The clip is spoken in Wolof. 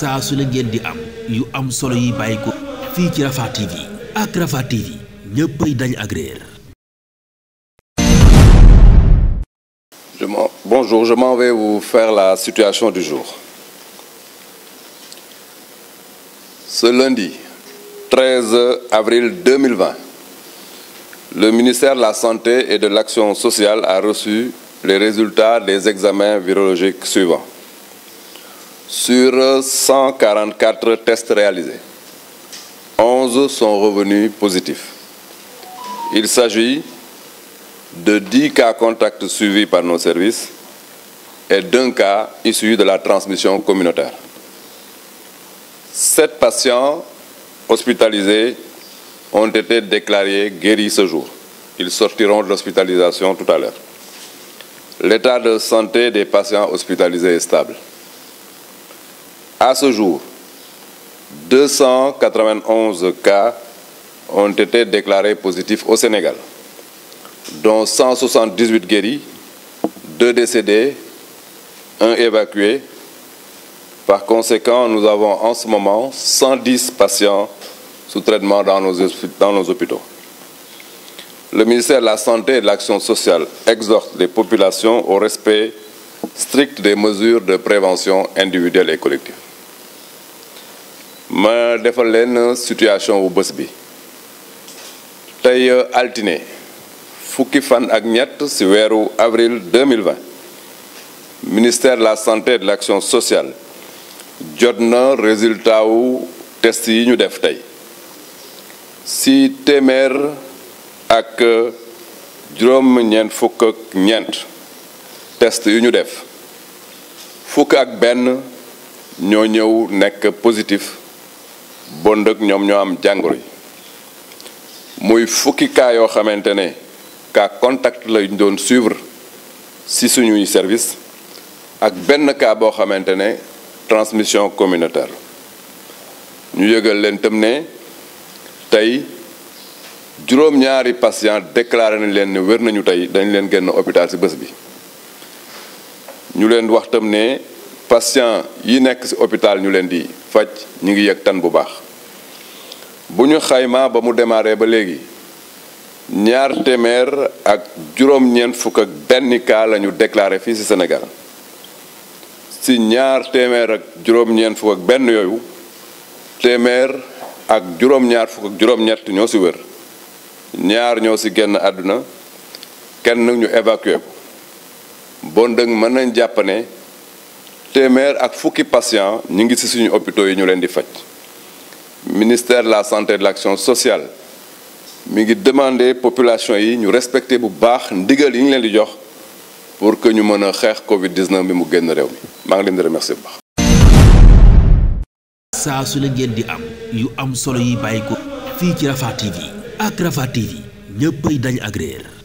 saa su ne ngeen am yu am solo yi bàyyi ko fii ci Rafah TV ak bonjour je m'en vais vous faire la situation du jour ce lundi 13 avril 2020 le ministère de la santé et de l'action sociale a reçu les résultats des examens virologiques suivants Sur 144 tests réalisés, 11 sont revenus positifs. Il s'agit de 10 cas contacts suivis par nos services et d'un cas issu de la transmission communautaire. Sept patients hospitalisés ont été déclarés guéris ce jour. Ils sortiront de l'hospitalisation tout à l'heure. L'état de santé des patients hospitalisés est À ce jour, 291 cas ont été déclarés positifs au Sénégal, dont 178 guéris, 2 décédés, 1 évacué. Par conséquent, nous avons en ce moment 110 patients sous traitement dans nos, dans nos hôpitaux. Le ministère de la Santé et de sociale exhorte les populations au respect strict des mesures de prévention individuelle et collective. ma defal leen situation wu bés bi tey euh, altine fukki fan ak ñett ci weeru avril 2020 ministère la santé de l'action sociale jot na résultat wu test yi ñu def tey ci téeméer ak euh, juróom-ñeent test yu ñu def fukk ak benn ñoo ñëw nekk positif bon dëkk ñoom ñoo am jàngoro yi muy fukki cas yoo xamante ne cas contact lañ doon suivre ci suñuy service ak benn cas boo xamante ne transmission communautaire ñu yëgal leen tam ne tey juróom-ñaari patient déclaré nañ leen ne wér nañu tey dañ leen génn hôpital ci bés bi ñu leen wax tam ne patient yi nekk ci hôpital ñu leen di faj ñu ngi yëg tan bu baax bu ñu xaymaa ba mu démarré ba léegi ñaar téeméer ak juróom-ñeent la ñu déclaré fii ci Sénégal ci ñaar téeméer ak benn yooyu téeméer ak juróom-ñaar fukk ak juróom-ñett ñoo ci wér ñaar ñoo ci génn àdduna kenn nag ñu évacué ko bon dëgg mën nañ jàpp ne téeméer ak fukki patient ñu ngi ci suñu hôpitaux yi ñu leen di faj ministère de la santé de l'action sociale mi ngi demander population yi ñu respecter bu baax ndigal yi ñu leen di jox pour que ñu mën a xeex Covid 19 bi mu génn réew mi maa ngi leen di remercier bu baax. saa su la ngeen di am yu am solo yi bàyyi ko fii ci Rafah TV ak Rafah TV ñëppay dañ agréer